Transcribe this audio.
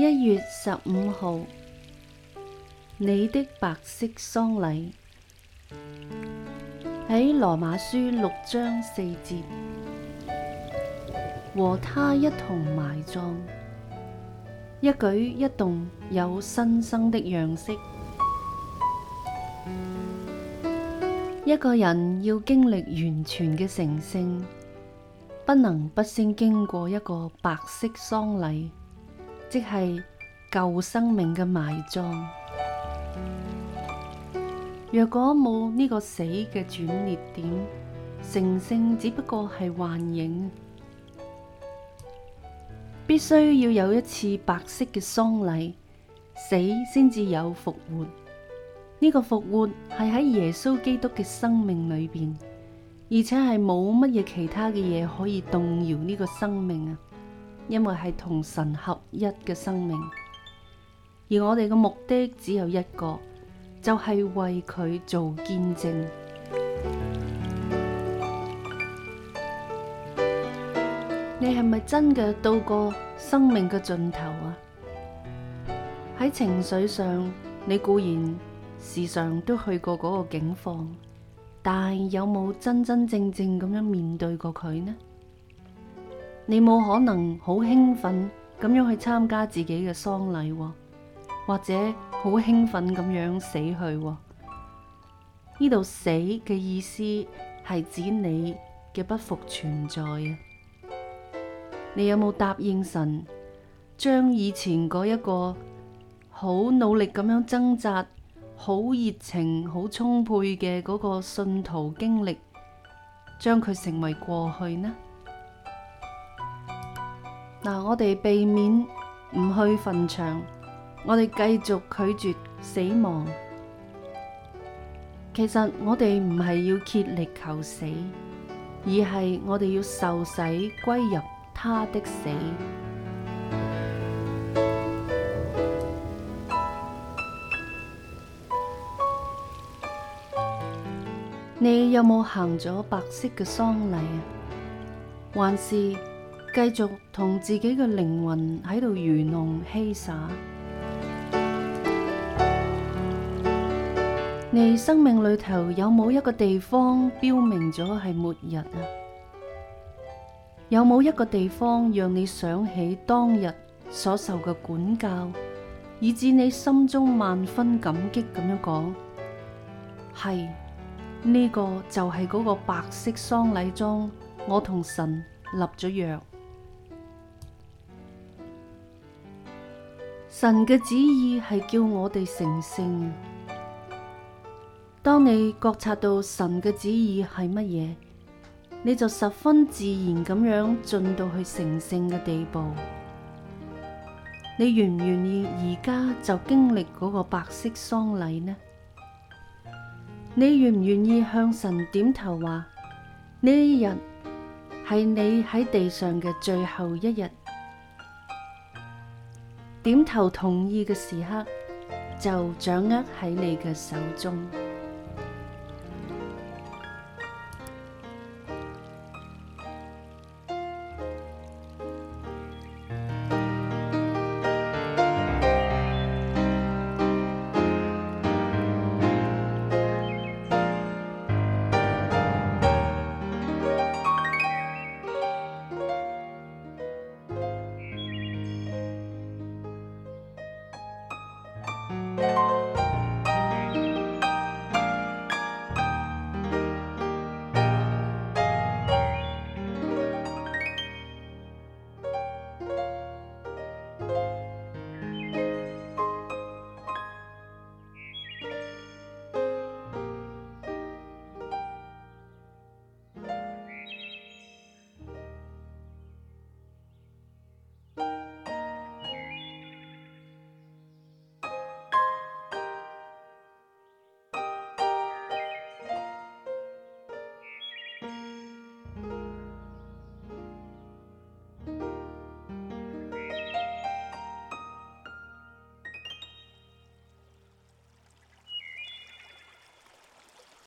一月十五號，你的白色喪禮喺羅馬書六章四節，和他一同埋葬，一舉一動有新生的樣式。一個人要經歷完全嘅成聖，不能不先經過一個白色喪禮。即係舊生命嘅埋葬。若果冇呢個死嘅轉捩點，成聖只不過係幻影。必須要有一次白色嘅喪禮，死先至有復活。呢、這個復活係喺耶穌基督嘅生命裏邊，而且係冇乜嘢其他嘅嘢可以動搖呢個生命啊！因為係同神合一嘅生命，而我哋嘅目的只有一個，就係為佢做見證。你係咪真嘅到過生命嘅盡頭啊？喺情緒上，你固然時常都去過嗰個境況，但係有冇真真正正咁樣面對過佢呢？你冇可能好興奮咁樣去參加自己嘅喪禮喎，或者好興奮咁樣死去喎。呢度死嘅意思係指你嘅不復存在啊。你有冇答應神，將以前嗰一個好努力咁樣掙扎、好熱情、好充沛嘅嗰個信徒經歷，將佢成為過去呢？我哋避免唔去墳場，我哋繼續拒絕死亡。其實我哋唔係要竭力求死，而係我哋要受洗歸入他的死。 你有冇行咗白色嘅喪禮啊？還是？繼續同自己嘅靈魂喺度愚弄嬉耍。你生命裏頭有冇一個地方標明咗係末日啊？有冇一個地方讓你想起當日所受嘅管教，以至你心中萬分感激咁樣講？係呢個就係嗰個白色喪禮中，我同神立咗約。神嘅旨意係叫我哋成聖。當你覺察到神嘅旨意係乜嘢，你就十分自然咁樣進到去成聖嘅地步。你願唔願意而家就經歷嗰個白色喪禮呢？你願唔願意向神點頭話呢一日係你喺地上嘅最後一日？點頭同意嘅時刻，就掌握喺你嘅手中。